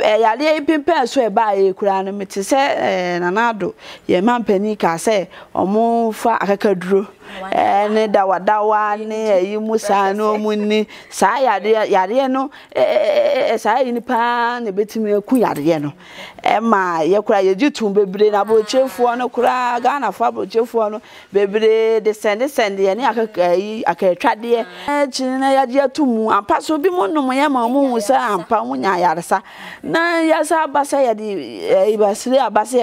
Eh, eh, yadeɛ pimpɛn so ɛbaa yɛ kura no mete sɛ eh, nanado yɛ mma mpanin kaa sɛ ɔmo fa akakaduro ne dawadawa ne ayi mu saa na ɔmo ni saa yadeɛ yadeɛ no saa yi ni paa na ebetumi eku yadeɛ no ma yɛkora yɛgye tom bebree na aborɔkyefoɔ no koraa ghanafoɔ aborɔkyefoɔ no bebree de sɛndesɛndeɛ ne akakayi eh, akatwadeɛ kyiri eh, no yɛgye ato mu ampa so bi nom yɛ ma mohu sɛ ampa nya ayaresa na yɛsa aba sɛ yɛde aba sɛ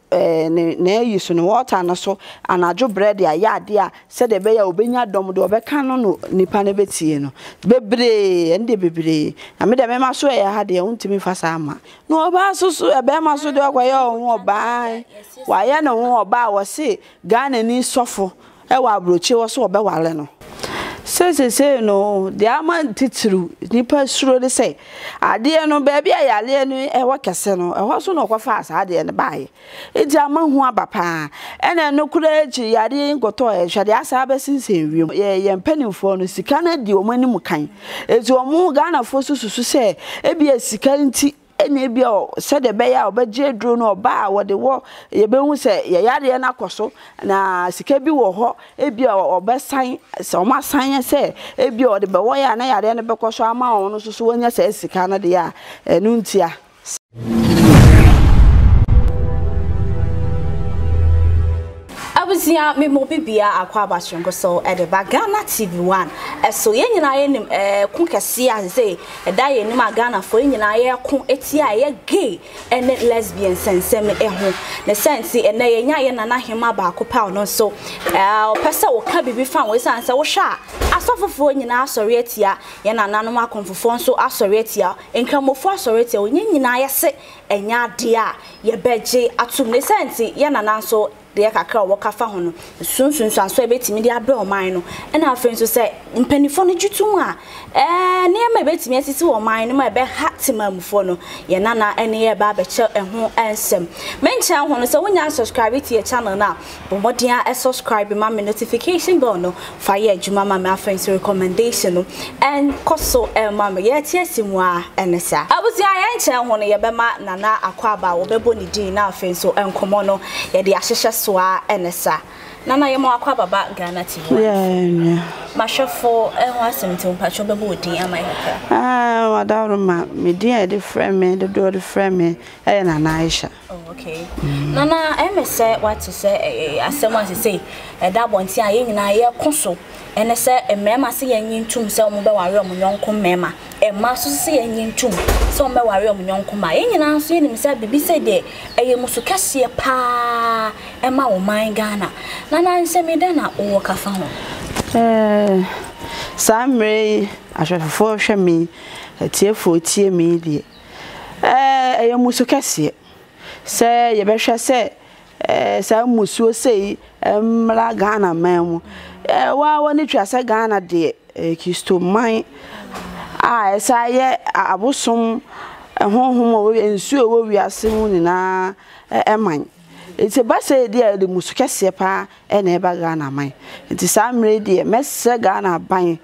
Eh, na-eyi so na wɔta no so anadwo brɛ de ayɛ adeɛ a sɛdeɛ ɛbɛyɛ a wɔbɛnya dɔm deɛ wɔbɛka no no nipa no bɛtie no bebree ɛne deɛ bebree na me deɛ mɛma so ɛyɛ ha de wontumi fa saa ma na ɔbaa so so ɛbɛrima so deɛ ɔkɔyɛ ɔho ɔbaa wayɛ ne ho ɔbaa wɔse ghanani sɔfo ɛwɔ aburokyi wɔ so wɔbɛwale no sesese no deɛ ama ntitiriw nipa suro ne sɛ adeɛ no baabi a yɛadeɛ no ɛwɔ kɛse no ɛhɔ so na ɔkɔfa saa adeɛ no baeɛ nti ama ho aba paa ɛna ɛno koraa akyi yɛadeɛ nkɔtɔ ɛhwɛ deɛ asaa bɛsensɛn wiem yɛyɛ mpanimfoɔ no sika no di wɔn anim kan ɛti wɔn ghanafoɔ so susu sɛ ebia sika nti na ebi sɛdeɛ ɛbɛyɛ ya ɔbɛgye aduro no ɔbaa a wɔde wɔ yɛbɛhu sɛ yɛyareɛ no akɔ na sika bi wɔ ebi a ɔbɛsan sɛ se ebi a ɔde na yareɛ no bɛkɔ so ama wɔn no so sika na e, abusua me mo bibia akwa abashenko so e de ba TV1 e eh, so ye nyina ye nim eh kun kese a se e eh, da ye nim a fo ye nyina ye ko eti ye gay ene lesbian sensem e ho ne sense ene ye nya ye nana hema ba akopa no so eh opese wo ka bibi fa wo san se wo hwa asofofo nyina asori etia ye nananom akomfofo nso asori etia enkramofo asori etia onye nyina ye se ɛnyɛ adeɛ a yɛbɛgye atom ne sɛ nti yɛ nana nso deɛ kakra a wɔka fa ho no sunsunsun aso a ebetumi de abrɛ ɔman no ɛna afei nso sɛ mpanimfoɔ no tutum a ɛɛ nneɛma ebetumi asisi wɔ ɔman no mu a ɛbɛha temamufoɔ no yɛn nana ɛne yɛ ba abɛkyɛ ɛho ɛnsɛm mɛnkyɛn ho no sɛ wonya subscribe to your channel no a bɔmmɔden a ɛsubscribe ma me notification bell no fa yɛ adwuma ma me afei nso recommendation no ɛnkɔ so ɛma me yɛte asi mu a ɛne saa abusua yɛnkyɛn ho no yɛbɛma nana na akwaba aba a wɔbɛbɔ ne din na afei nso nkɔmɔ no yɛde ahyehyɛ soa ɛne saa nana yɛ ma wakɔ ababa ghana ti hɔ mahwɛfo ɛho asɛm nti mpatwɛ wobɛbɔ wo din ama Ah, wadaworo ma me din a yɛde frɛ me dodoɔ de frɛ me ɛyɛ nana aisha oh, nana ɛmɛ sɛ wate sɛ asɛm a sesei ɛda abɔnten a yɛn nyinaa yɛko so ɛne sɛ mmarima se yɛnyi ntom sɛ wɔbɛware ɔmo nyɔnko mmarima ɛma nso se yɛnyi ntom sɛ wɔbɛware ɔmo nyɔnko mma yɛn nyinaa nso yɛnim sɛ biribi sɛ deɛ ɛyɛ musu kɛseɛ paa ɛma wɔn man ghana na nana nsɛm dɛ na wowɔ ka fa ho saa mmerɛ yi ahwɛfofoɔ hwɛ me atiefoɔ tie me deɛ ɛyɛ musu kɛseɛ sɛ yɛbɛhwɛ sɛ saa musuo sei mmra ghana man mu wa wɔne twa sɛ ghana deɛ kristoman a ɛsa yɛ abosom honhom a nsuo ɛwɔ wiase mu nyinaa ɛman nti basa yi deɛ yɛde musu kɛseɛ paa ɛna ɛba ghana man nti saa mmerɛ deɛ mɛsɛ ghana ban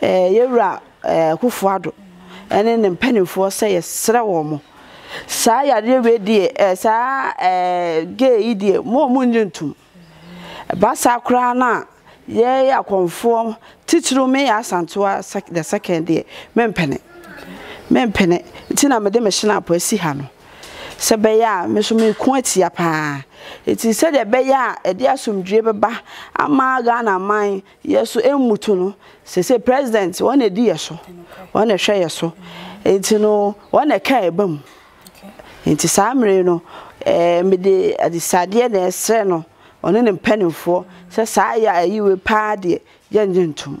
ɛɛ yɛwura ɛɛ kufuwa do ɛne ne mpanimfoɔ sɛ yɛsrɛ wɔn mo saa yadeɛ wei deɛ ɛɛ saa ɛɛ gay yi deɛ mo a mo nye ntum basa koraa na yɛyɛ akɔnfoɔ titiri mi yɛ asantewa sɛ the second deɛ mɛmpɛnɛ mɛmpɛnɛ nti na mɛde mɛhyɛn apɔ esi ha no. Se be ya me so meko atia paa ɛti sɛdeɛ ɛbɛyɛ a ɛde asomdwue bɛba ama ghana man yɛ so ɛmmutu no Se se president wɔn ɛdi yɛ so wɔn ɛhwɛ yɛ so ɛnti no wɔn kai ɛba mu nti saa mmere no ɛɛ mede adesadeɛ na ɛsrɛ no ɔne ne mpanimfoɔ sɛ saa yɛ a ɛyiwe yenjentum.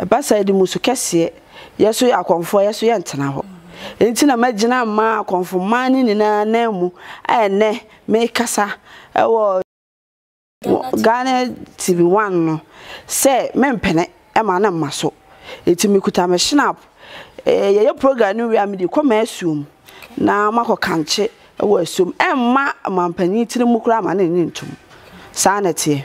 ɛba saa de musu kɛseɛ yɛ so akɔnfoɔ yɛ so yɛ ntena hɔ nti na magyina mma akɔnfo mmaa ne nyinaa nan mu a ɛnɛ mekasa ɛwɔ ghana tv one no sɛ mempene ɛma ne mma so nti mekuta me snap yɛyɛ program no wie a mede kɔma asuom na makɔ kankye ɛwɔ asuom ɛmma mampanyin tiri mu koraa ma ne ne ntom saa na ɛteɛ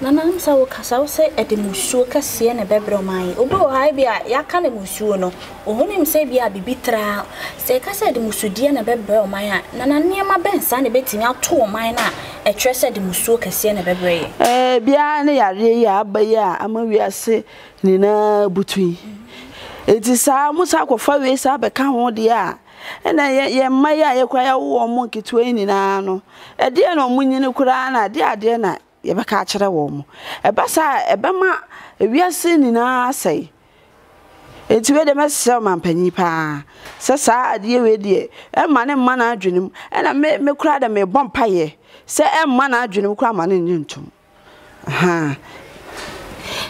nana nsa wo kasa wo sɛ ɛde musuo kɛseɛ na ɛbɛbrɛ ɔman yi obi wɔ ha bi a yɛaka ne musuo no ɔhonim sɛ bi a biribi traa sɛ ɛka sɛ ɛde musudeɛ na ɛbɛbrɛ ɔman a nana nneɛma bɛnsa na ɛbɛtumi ato ɔman no a ɛkyerɛ sɛ ɛde musuo kɛseɛ na ɛbɛbrɛ yi biara ne eh, yareɛ yi a aba yi a ama wiase nyinaa butu yi ɛti saa mo saa akɔfa wei saa bɛka ho deɛ a ɛna yɛ mma yi a yɛkora yɛwowɔ mo nketewa yi nyinaa no ɛdeɛ na ɔmo nyini koraa na adeɛ adeɛ na yɛbɛka akyerɛ wɔ mu ɛba saa ɛbɛma ewiase nyinaa asɛe eti wei deɛ mɛsrɛ mpanyin paa sɛ saa adeɛ wei deɛ ɛma ne mma n'adwene mu ɛna me me kura de me bɔ mpaeɛ sɛ ɛmma n'adwene mu kura ama ne nye ntom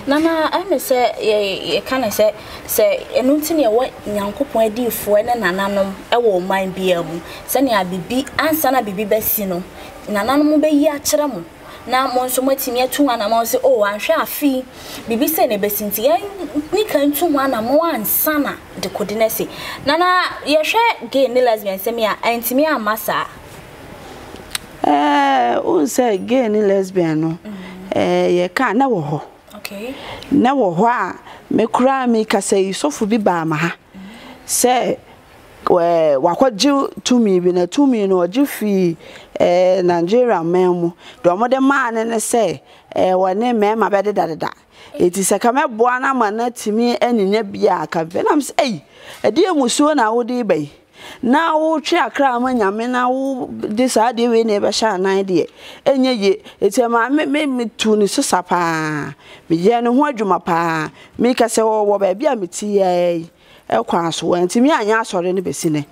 nana ɛmɛ sɛ yɛ yɛka ne sɛ sɛ ɛno nti na ɛwɔ nyankopɔn adiifoɔ ne nananom ɛwɔ ɔman biara mu sɛnea bibi ansa na biribi bɛsi no nananom bɛyi akyerɛ mo na mo nso matumi atu ho anama sɛ oh anhwɛ afi biribi sɛ ne bɛsi ni yɛne ka ntu ho anama ansa na de kode no se na na yɛhwɛ gay ne lesbian sɛm a ɛntumi amma saa wohu sɛ ge ni lesbian no mm-hmm. eh, yɛka na wɔ okay na wɔ hɔ a mekora mekasa yi sɔfo bi baa ma ha mm-hmm. sɛ Eh, wakɔgye tumi bi na tumi no ɔgye fii eh, nigeria mɛn mu deɛ ɔmo maa ne ne sɛ ɛɛ eh, wɔne mɛɛma bɛ dedadeda eti sɛ kama boa na ama na tumi ɛninya bia aka bɛ nam sɛ ɛyi ɛdi emusuo na awodi bɛ na wotwe akra ama nyame na wo de saa deɛ wei na ɛbɛhyɛ anan deɛ ɛnyɛ ye eti maame me metu ne so paa meyɛ ne ho adwuma paa meka sɛ wɔwɔ baabi a meti yɛ yi kwan so ntumi anyɛ asɔre no bɛsi ne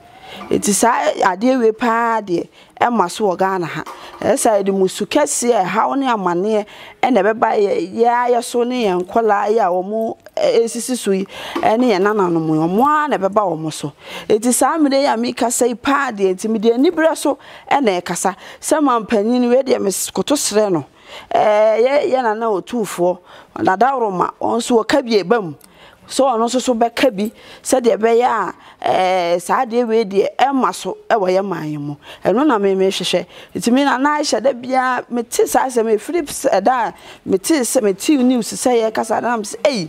ɛti ade adeɛ wie paa deɛ ɛma so wɔ ghana ha ɛsɛ yɛde musu kɛseɛ ɛhaw ne amaneɛ ɛna ɛbɛba yɛa so ne yɛn nkɔlaa yi a wɔn esisi so yi ɛne yɛn nananom yi wɔn a na ɛbɛba wɔn so ɛti saa mmiri yi a mi kasa yi paa de nti mi deɛ nibrɛ so ɛna ɛkasa sɛ maa mpanyin wei deɛ mi koto srɛ no ɛɛ yɛ yɛ nana otuufoɔ nadaworoma wɔn nso wɔ kabie ba mu. so ɔno nso so bɛka bi sɛdeɛ ɛbɛyɛ a ɛɛ eh, saa adeɛ wei deɛ ɛma so ɛwɔ yɛ man yi mu ɛno na mmemme hwehwɛ ntumi na nan hyɛ dɛ bia mete saa asɛm efiri ɛda a mete sɛ mete news sɛ yɛ kasa na sɛ ɛyi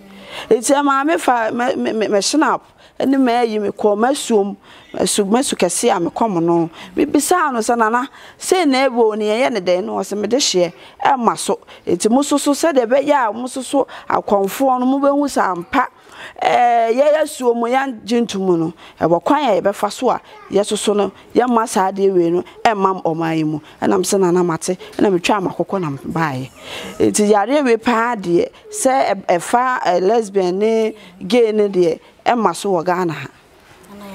eti maame fa mɛ mɛ mɛ snap ɛne mɛ ɛyi mɛ kɔ mɛ suom mɛ su mɛ su kɛse a mɛ kɔm no bibisa ano sɛ nana sɛ na ebo ne yɛyɛ ne dɛn no ɔsɛ mɛ de hyɛ ɛma so eti mo soso sɛdeɛ ɛbɛyɛ a mo soso akɔnfoɔ no mo bɛhu ɛɛ yɛyɛ suo mu yɛn gye ntum no ɛwɔ kwan a yɛbɛfa so a yɛsoso no yɛma saa adeɛ wei no m ɔman yi mu ɛnam na nana mate ɛna metwa ama kɔkɔ nam baeɛ nti yareɛ wei paa deɛ sɛ ɛfa ɛ lesbian ne gay ne deɛ ɛma so wɔ ghana ha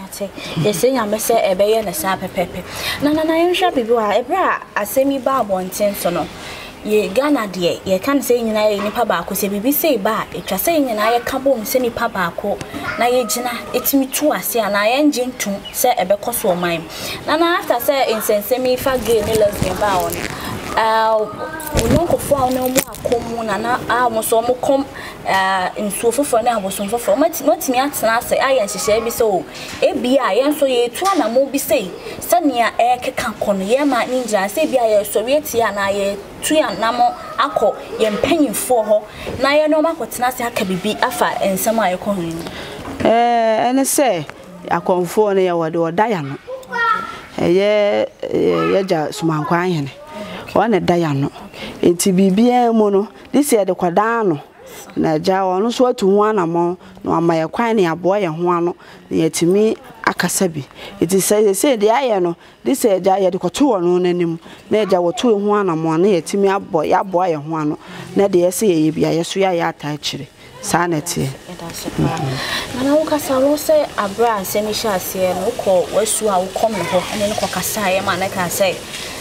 ate yɛsɛ nyame sɛ ɛbɛyɛ ne saa pɛpɛpɛ na na nana yɛnhwɛ biribi wɔ a ɛberɛ a asɛm yi ba abɔnten so no yɛ ghana deɛ yɛka no sɛ yɛ nyinaa yɛ nipa baako sɛ biribi sɛ ba a ɛtwa sɛ yɛ nyinaa yɛka bom sɛ nipa baako na yɛgyina ɛtumi tu ase anaa yɛngye nto sɛ ɛbɛkɔ so ɔman na na after sɛ nsɛnsɛm yi fa gay ne lesbian baa wɔ no ɔnonkɔfoɔ a ɔno mu akɔ mu na na a ɔmo nso ɔmo kɔm nsuo foforɔ ne abosom foforɔ ɔmatumi atena ase ayɛ nhyehyɛe bi sɛ o ebi a yɛn nso yɛtu anamo bi sei sɛnea ɛɛkeka kɔ no yɛma ne ngyina sɛ bi a yɛsɔre atia anaa yɛtu anamo akɔ yɛn mpanyinfoɔ hɔ na yɛn no ɔmo akɔtena ase aka biribi afa nsɛm a yɛkɔ ho no. ɛɛ ɛne sɛ akɔnfoɔ no yɛwɔ de ɔda yano ɛyɛ yɛgya sumankwan hene ɔne da ya no nti biribiara mu no de si na agya ɔno nso atu ho anammɔn na ama yɛ kwan ne aboa yɛ na yɛtumi akasa bi nti sɛ sɛsei deɛ ayɛ no de sɛ agya yɛde kɔto ɔno na agya wɔto ho na yɛtumi abɔ etimi abụọ ho ano na bia ataa na ɛteɛ nana wokasa a ma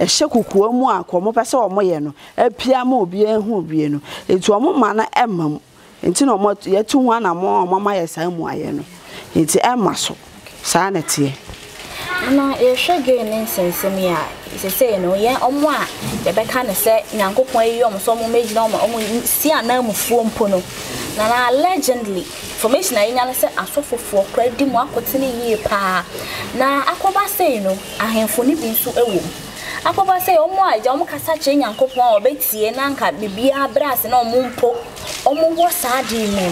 ɛhyɛ kukuo mu a kɔ mopɛ sɛ no apia ma obi ehu no etu ma na mu nti na ɔmo yɛtu ho anamɔ a ɔmo ama saa mu no nti so saa na na a sesei no yɛn a yɛbɛka ne si na na legendly a yɛnya sɛ asɔfofoɔ kora di paa na akɔba sei no ahemfo bi nso wɔ mu akpọba ya ɔmo agya ọmụ kasa kyerɛ nyankopɔn a ɔbɛtie na nka biribiara berɛ na ọmụ mpụ ọmụ wɔ saa de mu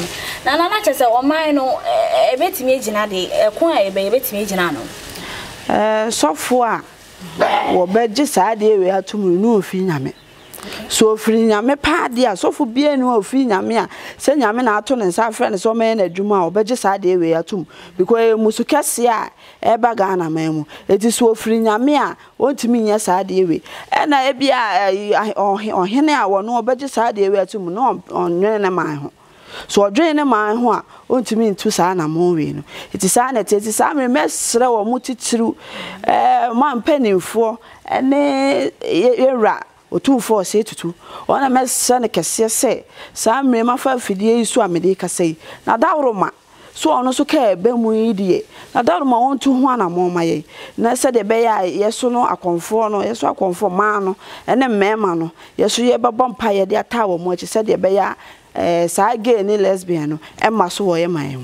na nana ọma sɛ ɔman no eji na dị ɛko a ɛbɛyɛ eji sọfọ a saa n'ofe na so ofiri nyame paa deɛ asɔfo bie ni hɔ nyame a nyame na ato ne nsa afrɛ ne na a ɔbɛgye saa deɛ wei atom because musu kɛseɛ a ɛba ghana man mu eti so nyame a nyɛ saa na ebi a ɔhene a saa na ɔnwene ne man ho so ɔdwene ne man ho a ɔntumi ntu saa namɔn wei no eti saa mmiri otumfoɔ ɔsɛ tutu ɔna mɛsɛ no kɛseɛ sɛ saa mmiri mmerɛma fa afidie yi so a kasa yi na daworo ma so ɔno nso kaa ɛbɛ mu yi deɛ na daworo ma wɔntu ho anammɔ ma yɛn na sɛdeɛ ɛbɛyɛ a yɛso no akɔnfoɔ no yɛso akɔnfoɔ maa no ɛne mmarima no yɛso yɛbɛbɔ mpa yɛde ataa wɔ mu akyi sɛdeɛ ɛbɛyɛ a ɛɛ saa gay ne lesbian no ɛma so wɔ yɛ ma yɛn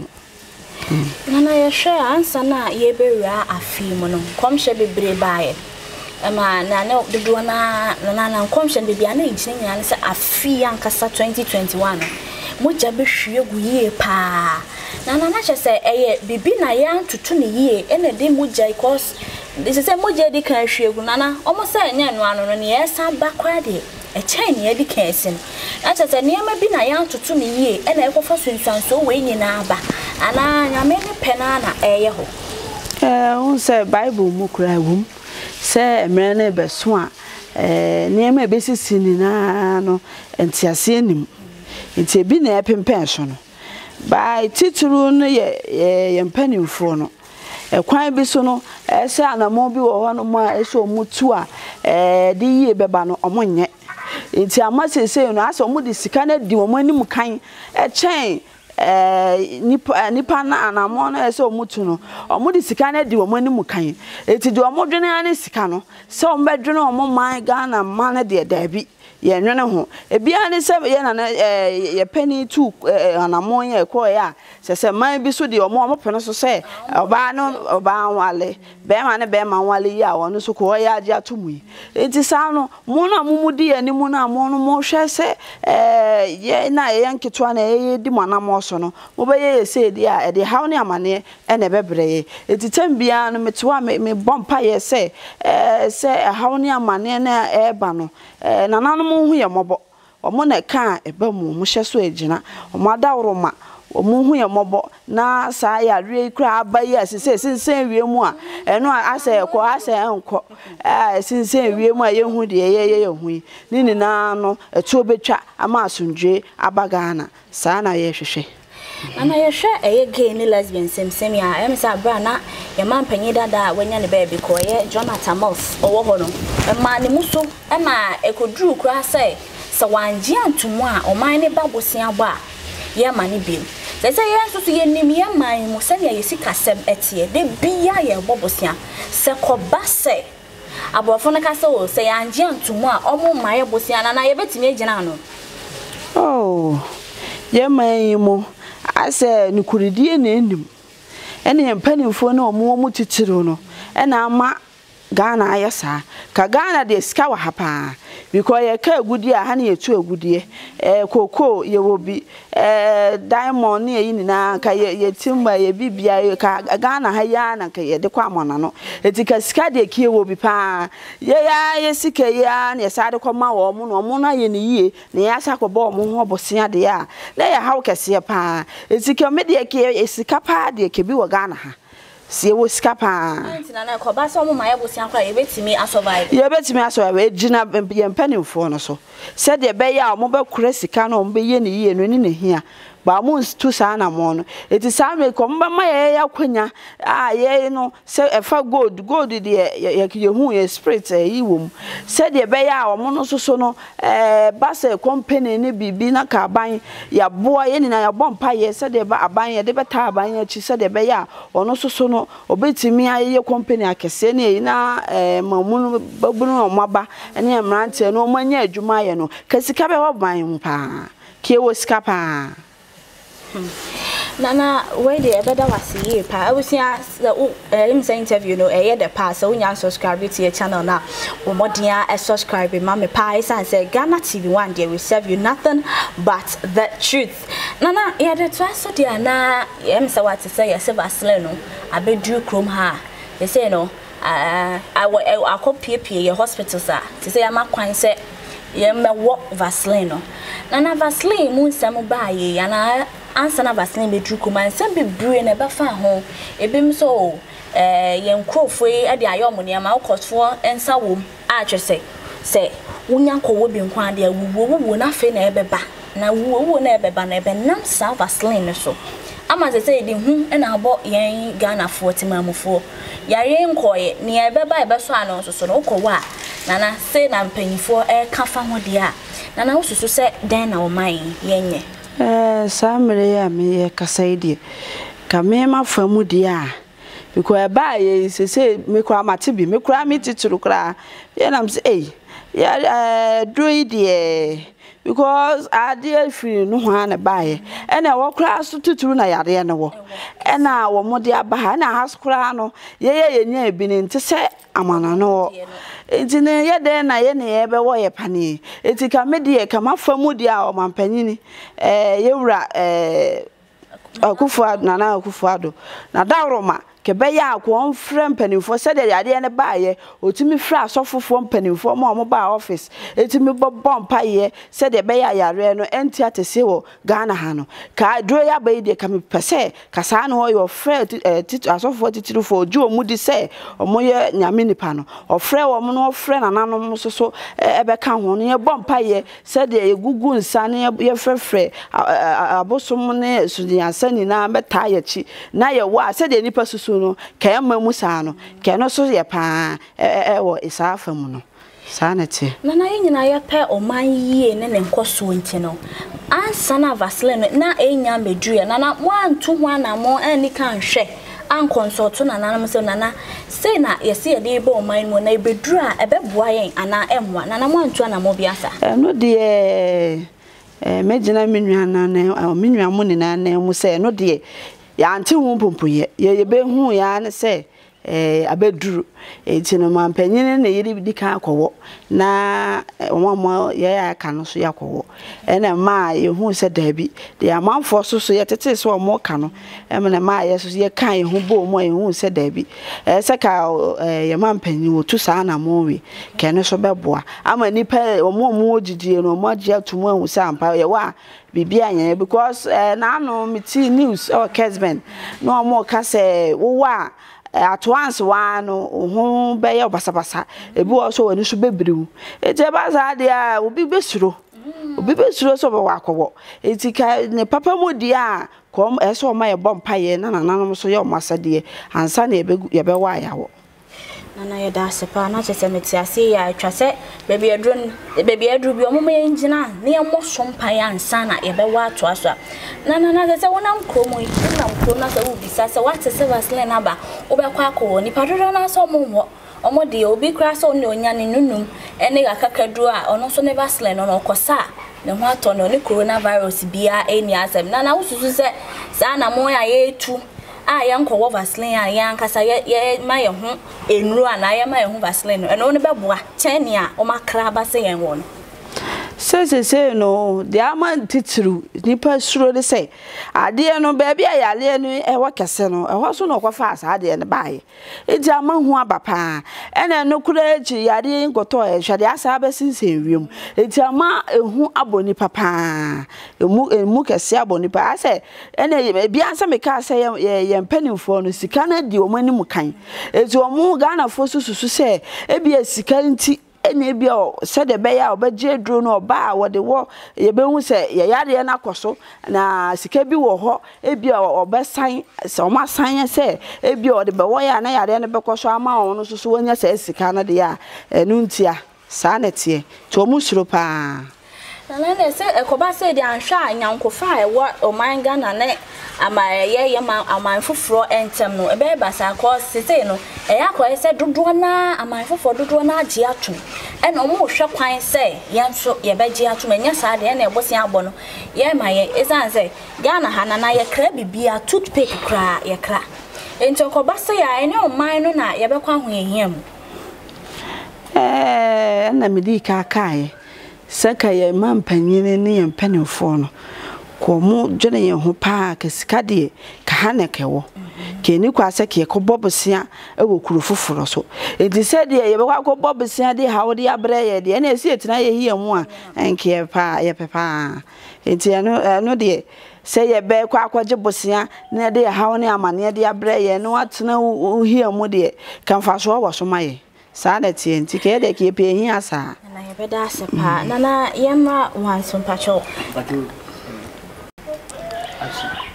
ho nana yɛhwɛ ansa no a yɛbɛwura afei mu no nkɔmhyɛ bebree baeɛ ma nane dodoɔ na na nkɔmhyɛn beebi a na egyina nyinaa sɛ afi ankasa 2021 mogya bɛhwie gu yie paa na nana kyerɛ sɛ ɛyɛ biribi na yɛantoto ne yie ɛna ɛde mogya because ɛsɛ sɛ gya di kan hwie gu nana ɔmo sɛ ɛnyɛ noa no no neɛ ɛsan ba koraa deɛ ɛkyɛn neɛ di kan esi no na kyerɛ sɛ nneɛma bi na yɛantoto ne yie ɛna ɛkɔfa sunsuansoɔ wei nyinaa ba anaa nyame ne pɛ naa na ɛɛyɛ hɔ ɛɛ n sɛ bible mu koraa wom sɛ mmerɛ no bɛso a eh, nneɛma a ɛbɛsisi nyinaa no nteaseɛ nim nti ebi na ɛpempɛn so no bae titiri no yɛ yɛ mpanimfoɔ no ɛkwan bi so no ɛsɛ anamɔ bi wɔ nom a ɛsɛ ɔmo tu a ɛde eh, yie bɛba no ɔmo nyɛ nti ama seesei no asɛ ɔmo de sika na adi wɔn anim kan ɛkyɛn. nipa na anamọ na ɛsɛ ɔmo no ɔmo de sika no di anim kan eti deɛ ɔmo dwene ne sika no sɛ ɔmo bɛdwene ɔmo man na man no yɛnwene ho ebiara ne sɛ yɛ nana ɛɛ yɛpɛni tu ɛɛ anamɔn yɛ kɔɔ yɛ a sɛ sɛ man bi so deɛ ɔmo ɔmo pɛno so sɛ ɔbaa no ɔbaa nwale bɛrima ne bɛrima nwale yi a ɔno so kɔ ɔyɛ agye ato mu yi eti saa no mo na mo mu di yɛ anim na mo no mo hwɛ sɛ ɛɛ yɛ na ɛyɛ nketewa na ɛyɛ di mo anamɔn so no mo bɛyɛ yɛ sɛ edi a ɛde haw ne amaneɛ ɛna ɛbɛbrɛ yɛ eti tɛm biara no na ɛɛba ɔmo ho yɛ mmɔbɔ ɔmo na ɛka ebe ɛba mu ɔmo hyɛ so agyina ɔmo adaworo ma ɔmo ho yɛ mmɔbɔ na saa yareɛ yi kura aba yi a sese sensɛn wie mu a ɛno a asɛ ɛkɔ asɛ ɛnkɔ ɛɛ sensɛn wie mu a yɛhu deɛ yɛyɛ yɛhu yi ne nyinaa no ɛtuo betwa ama asomdwe aba ghana saa na yɛhwehwɛ. ana yɛhwɛ ɛyɛ gay ne lesbian sɛmsɛm a ɛm sɛ aberɛ a na yɛma mpanyin dada a wanya ne baabi kɔ ɔyɛ jonathan moss ɔwɔ hɔ no ɛma ne mu so ɛma ɛkɔduru koraa sɛ sɛ wangye antomu a ɔman ne ba bosi bɔ a yɛma ne biom sɛ sɛ yɛn nso so yɛnim yɛman mu sɛnea yɛsi kasɛm ɛteɛ de bia bosi bosea sɛ kɔba sɛ aborɔfo no ka sɛ o oh, sɛ yɛangye antomu a ɔmo ma yɛ bosea no na yɛbɛtumi agyina no oh, yɛman yi mu asɛ nokoredie na ɛnim ɛne yɛ mpanimfoɔ ne ɔmo wɔ mo no ɛna ama ghana ayɛ saa ka ghana deɛ sika wɔ ha paa because yɛka agudeɛ a ha ne yɛtu agudeɛ ɛɛ kokoo yɛwɔ bi ɛɛ diamond ne yɛyi nyinaa ka yɛti mu a ka ghana ha yɛ na ka yɛde kɔ amɔna no eti ka sika deɛ kie wɔ bi paa yɛyɛ ayɛ sika yɛ ara na yɛsa de kɔ ma wɔn mo na wɔn no ayɛ ne yie na yɛasa akɔ bɔ wɔn ho ɔbɔsia deɛ a na yɛ kɛseɛ paa eti ka me deɛ kie sika paa deɛ kebi wɔ ghana ha sie wo sika paa yɛbɛtumi asɔba ɛgyina yɛmpanimfoɔ no so sɛdeɛ ɛbɛyɛ a ɔmobɛkorɛ sika no a ɔmobɛyɛ ne yie no ne ne hia Eh, ba mu ntu saa na mo no eti saa me kɔ mba ma yɛ yɛ akwanya a yɛ no se efa gold gold deɛ yɛ yɛ hu yɛ spirit ɛyi wɔ mu sɛdeɛ bɛyɛ a wɔn no soso no ɛɛ basɛ company ne biribi na ka aban yɛaboa yɛ nyinaa yɛabɔ mpa yɛ sɛdeɛ ba aban yɛde bɛta aban akyi sɛdeɛ bɛyɛ a ɔno soso no obetumi ayɛ company akɛseɛ ne yɛyi na ɛɛ mamu babunu wɔn aba ɛne mmeranteɛ no wɔn anya adwuma ayɛ no kɛsika bɛ wɔ ban mu paa kiewo sika paa. nana wei deɛ ɛbɛda was here, paa abusua sɛ wo ɛyɛ sɛ interview no ɛyɛ dɛ paa sɛ wonya subscribe to your channel na wo mmɔden a subscribe ma me paa ɛsiane ghana tv one day will serve you nothing but the truth nana yɛde toa so deɛ anaa yɛm sɛ wate sɛ yɛsɛ vaseline no abɛduru kurom ha a yɛsɛ no akɔpiepie yɛ hospitals a te sɛ yɛama kwan sɛ yɛmmɛwɔ walk no nana vaseline mu nsɛm baayɛ anaa ansa na vaseline bɛduru kɔm a nsɛm bebree na ɛbɛfa ho ebinom sɛ o eh, yɛn nkurɔfoɔ yi de ayɛ ɔmo nneɛma ɔkɔtoɔ nsa wɔm a kyerɛ sɛ sɛ wonya bi nko adeɛ wuwo wuwo na afei na ɛbɛba na wuwo wuwo na ɛbɛba na ɛbɛnam saa vaseline no so ama sɛ sɛ yɛde hu na abɔ yɛn ghanafoɔ temamufoɔ yare nkɔɛ nea ɛbɛba ɛbɛsɔ ano nsoso so wokɔwɔ a nana se na mpanyinfoɔ ɛka fa ho deɛ a nana wosusu sɛ dɛn na ɔman yɛnyɛ Eh, saa mmere yi a meyɛ kasa yi ka mema fa mu deɛ a bikɔ ɛbaa yɛ sese mekora mate bi mekora me titiri koraa yɛnam sɛ ei eh, duro yi deɛ because adeɛ firi no ho a na baeɛ ɛna so tuturu na yareɛ no wɔ ɛna wɔn de aba ha ɛna koraa no yɛyɛ yɛnya ebi ne nti amana no nti ne yɛ dɛn na yɛ ne yɛbɛwɔ yɛ pani. nti ka me deɛ ka mafa mu deɛ a ɔmampanyini eh, yɛwura eh, akufo nana akufo ado na daworoma kɛbɛyɛ a wɔmfrɛ mpanimfoɔ sɛdeɛ yadeɛ no baeɛ ɔtumi frɛ asɔfofoɔ mpanimfoɔ ma ɔmo baa ɔfis ɛtumi bɔbɔ mpayɛ sɛdeɛ ɛbɛyɛ a yareɛ no ɛnti atɛseɛ wɔ ghana ha no ka duro yɛ aba yi deɛ ka mepɛ sɛ ka saa ne hɔ yɛ ɔfrɛ asɔfofoɔ titirifoɔ ɔgye ɔmu di sɛ ɔmo yɛ nyame nipa no ɔfrɛ wɔm no ɔfrɛ nananom nso so ɛbɛka ho no yɛbɔ mpayɛ sɛdeɛ yɛgugu nsa ne yɛfrɛfrɛ abosom ne sudeansa nyinaa bɛtaa yɛkyi na yɛwɔ a sɛdeɛ nnipa susu nso no kɛma mu saa no kɛno so yɛ paa ɛwɔ saa fa mu no saa na te nana yɛ nyinaa yɛpɛ ɔman yie ne ne nkɔsoɔ nti no ansa no avasele no na ɛnya mɛduɛ nana moanto ho anammɔ anni ka nhwɛ ankɔnsɔto nananom sɛ nana sei na yɛsɛ yɛde bɛ ɔman mu na ɛbɛduru a ɛbɛboa yɛn na ɛmmoa nana na anammɔ bi asa ɛno deɛ mɛgyina me nuanan me nua mu nyinaa nan mu sɛ ɛno deɛ yɛante ho mpompoyɛ yɛbɛhu yɛa ne sɛ Eh, abeduru eh, nti ma mampanyini na yiri di kan akɔwɔ na wɔn eh, a ya aka no so yɛakɔwɔ ɛna mmaa yɛhu sɛ daabi de amanfoɔ so so yɛtete sɛ wɔn ka no ɛmɛ mmaa yɛ so yɛka yɛho bɔ wɔn a yɛhu sɛ daabi ɛɛ sɛ ka ɛɛ yɛ mampanyini wɔtu saa anamɔ wi kɛne so bɛboa ama nipa wɔn a wɔn gyidie no wɔn agye atum ahu sɛ ampa yɛwɔ a biribi anyɛ because ɛɛ n'ano mi news oh, na wɔn ka Eh, at once one ho bɛyɛ basabasa ebi wɔ so wɔ ne so bebiriw eti ɛba saa deɛ a obi bɛsuro obi So sɛ ɔbɛwɔ akɔwɔ eti ka ne papa mu come. a kɔm ɛsɛ ɔma yɛ bɔ mpa yɛ na nananom so yɛ ɔmo asadeɛ ansa na yɛbɛwɔ ayawɔ. nana yɛ da paa na kyerɛ sɛ mete ase yɛ atwa sɛ baabi aduro baabi aduro bi ɔmo ma yɛn na so mpa yɛ ansa na yɛbɛwɔ atoa a na na na sɛ wɔnam kurom yi wɔnam kurom na sɛ wɔbisa sɛ wɔate sɛ vaseline aba wɔbɛkɔ akɔ wɔ nipa dodoɔ na sɛ ɔmo wɔ ɔmo deɛ obi kura sɛ ɔne onya ne nunum ɛne a ɔno nso ne vaseline no na ne ho atɔ coronavirus biara ɛni asɛm na na wosusu sɛ saa na mo a a yɛnkɔwɔ vaseline a yɛn ankasa yɛma yɛn ho nnuro anaa yɛma yɛn ho vaseline no ɛno ne bɛboa kyɛn nea wɔn akra aba sɛ yɛn wɔ no. sesesei no deɛ ama ntitiriw nipa suro ne sɛ adeɛ no baabi a yɛadeɛ no ɛwɔ kese no ɛhɔ so na ɔkɔfa saa adeɛ no baeɛ nti ama hu aba paa ɛna ɛno koraa akyi yɛadeɛ nkɔtɔ ɛhwɛdeɛ asaa bɛsensɛn wiem nti ama ehu abɔ nipa paa emu emu kɛse abɔ nipa asɛ ɛna ebi asɛ meka asɛ yɛ yɛ yɛ mpanimfoɔ no sika no di wɔn anim kan eti wɔn ghanafoɔ so susu sɛ ebi yɛ sika nti. bi ebi uh, a sɛdeɛ ɛbɛyɛ a ɔbɛgye aduro no ɔbaa uh, uh, a wɔde wɔ yɛbɛhu sɛ yɛyareɛ no akɔ so na sika bi wɔ hɔ ebi a ɔbɛsan sɛ ɔmo asan sɛ ebi a ɔde bɛwɔ yɛ a na yareɛ no bɛkɔ so ama wɔn no nso so wɔnya saa sika no deɛ a ɛno ntia saa na ɛteɛ nti ɔmo paa. nana na sɛ ɛkɔba eh, sɛ de ahwɛ a nyankofa a ɛwɔ ɔman ghana ne amayɛyɛ yɛ aman foforɔ ntɛm no ɛbɛyɛ basa akɔ sesei no ɛyɛ akɔyɛ sɛ dodoɔ naa aman foforɔ dodoɔ naa gye atom ɛna ɔmo hwɛ kwan sɛ yɛn nso yɛbɛgye atom ɛnyɛ saa deɛ ɛna ɛbɔsia abɔ no yɛma yɛ ɛsan sɛ ghana ha nana yɛkra bibia toothpick koraa yɛkra nti ɛkɔba sɛ yɛ ɛne ɔman no na yɛbɛkɔ ahoyɛhia mu ɛɛ ɛna mede ika sɛ ka yɛ ma mpanyin ne yɛ mpanimfoɔ no kɔ mo dwene yɛn ho paa ka sika deɛ ka ha na kɛwɔ ka ani kɔ asɛ ka bɔ bosea wɔ kuro foforɔ so ɛnti sɛ deɛ yɛbɛkɔ akɔbɔ bosea de ha wode abrɛ yɛ deɛ ɛne ɛsi ɛtena yɛhi yɛ mu a paa yɛpɛ paa ɛnti ɛno deɛ sɛ yɛbɛkɔ akɔgye bosea na ɛde yɛhaw ne amanneɛ de abrɛ yɛ na woatena wohia mu deɛ ka mfasoɔ wɔ so ma yɛ saa na tie nti kɛyɛ dɛ kɛyɛ pɛ ɛhin asa. na yɛbɛda ase paa nana yɛmma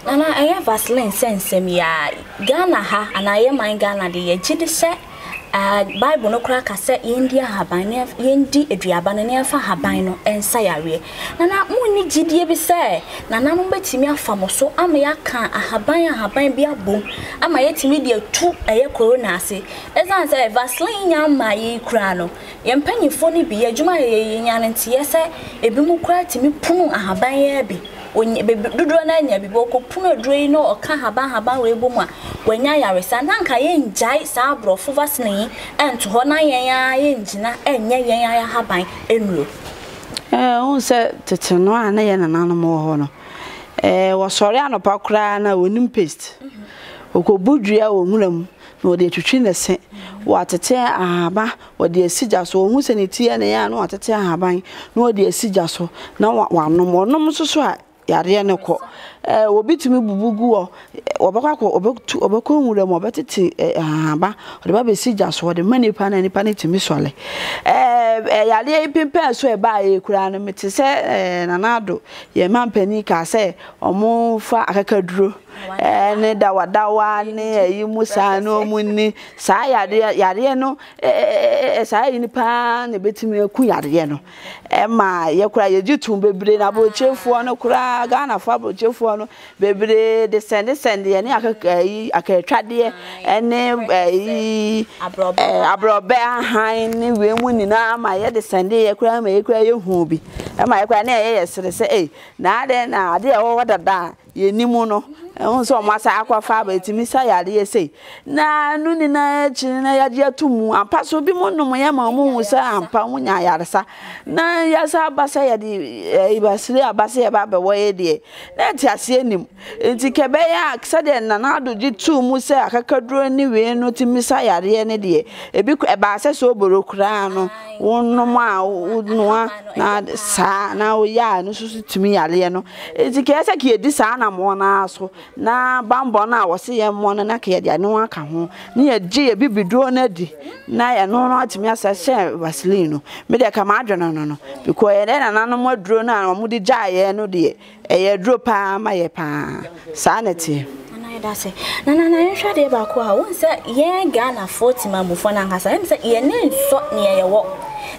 nana ɛyɛ vaseline sɛ nsɛm yi a ghana ha anaa yɛ man ghana de yɛgye de sɛ Uh, bible no koraa ka sɛ yɛndi ahaban ne yɛndi nsa no ne na haban no nsa yareɛ nana munni gyidie bi sɛ nananom bɛtumi afa mo so ama ya yɛaka ahaban ahaban bi abom ama ya yɛtumi di etu ɛyɛ korona ase ɛsiane sɛ vaseline nya ma ya koraa no yɛmpanyimfoɔ no bi yɛ adwuma yɛyɛ nya no nti yɛ sɛ ebinom koraa tumi pono ahaban ya bi dodoɔ no anya bibi ɔkɔpono aduro yi na ɔka habanhaban wɔ ebom a wanya ayaresa na nka yɛngyae saa aborɔfo vaccine yi ɛnto hɔ na yɛn ya yɛngyina ɛnyɛ yɛn ara haban nnuro ɛhu sɛ tete no a na yɛ nananom wɔ hɔ no wɔsɔre anɔpa koraa na wɔnim paste mhm. wɔkɔbu dua wɔ nwura mu na wɔde atwitwi ne se mhm. wɔatete ahaba wɔde asi gya so wɔhu sɛ ne tiɛ ne yɛ a na wɔatete ahaban na wɔde asi so na wɔanom wɔnom nso so a yareɛ no kɔ obi tumi bubu gu hɔ ɔbɛkɔ akɔ ɔbɛkɔ nwura mu ɔbɛtete ahaba ɔde ba bɛsi gya so ɔde ma nipa na nipa no tumi sɔle yareɛ yi pimpɛn so ɛbaayɛ koraa no mete sɛ nanaado yɛn mampanin kaa sɛ ɔmo fa akakaduro ne dawadawa ne ayi mu saa na ɔmu ni saa yareɛ yareɛ no saa yi ni paa na ebetumi eku yareɛ no ɛma yɛ kora yɛgye tum bebree na aburokyefoɔ no koraa ghanafoɔ aburokyefoɔ no bebree de sɛndesɛndeɛ ne akɛkɛ ayi akɛtwadeɛ ɛne ayi aborɔbɛ eh, ahan ne wee mu nyinaa ama yɛde sɛndeɛ yɛ kora ma yɛ kora yɛ hu bi ɛma yɛ kora ne yɛ yɛ sere sɛ ee na adeɛ na adeɛ ɛwɔ hɔ dada yɛ nimu no. ɛho sɛ ɔmo asa akɔfa abɛtumi sa yareɛ sei na no nyinaa akyiri na yɛde ato mu ampa so bi mu nom yɛ ma ɔmo hu sɛ ampa mo nya ayaresa na ya aba sɛ yɛde ibasire aba sɛ yɛba abɛwɔ yɛ deɛ na ɛte aseɛ nim nti kɛbɛyɛ a na nana di too mu sɛ akakaduro ne wei no tumi sa yareɛ ne deɛ ebi ɛbaa sɛ sɛ oboro koraa no wonom a wonoa na sa na woyɛ a no nso so tumi yareɛ no nti kɛyɛ sɛ kɛyɛdi saa anamoɔ no ara so na bambɔ no a wɔse yɛ mmɔ no na ka yɛde ane aka ho ne yɛgye yɛ bibiduo no adi na yɛno no atumi asa hyɛ vaseline no medeɛ ka maadwene no no because yɛdɛ nananom aduro no a ɔmode gyaeɛ no deɛ ɛyɛ aduro paa ma yɛ paa saa ne teɛ meda sɛ Na na yɛhwɛ adeɛ baako a wohu sɛ yɛn ghanafoɔ timamufoɔ no ankasa ɛne sɛ yɛne nsɔ neɛ yɛwɔ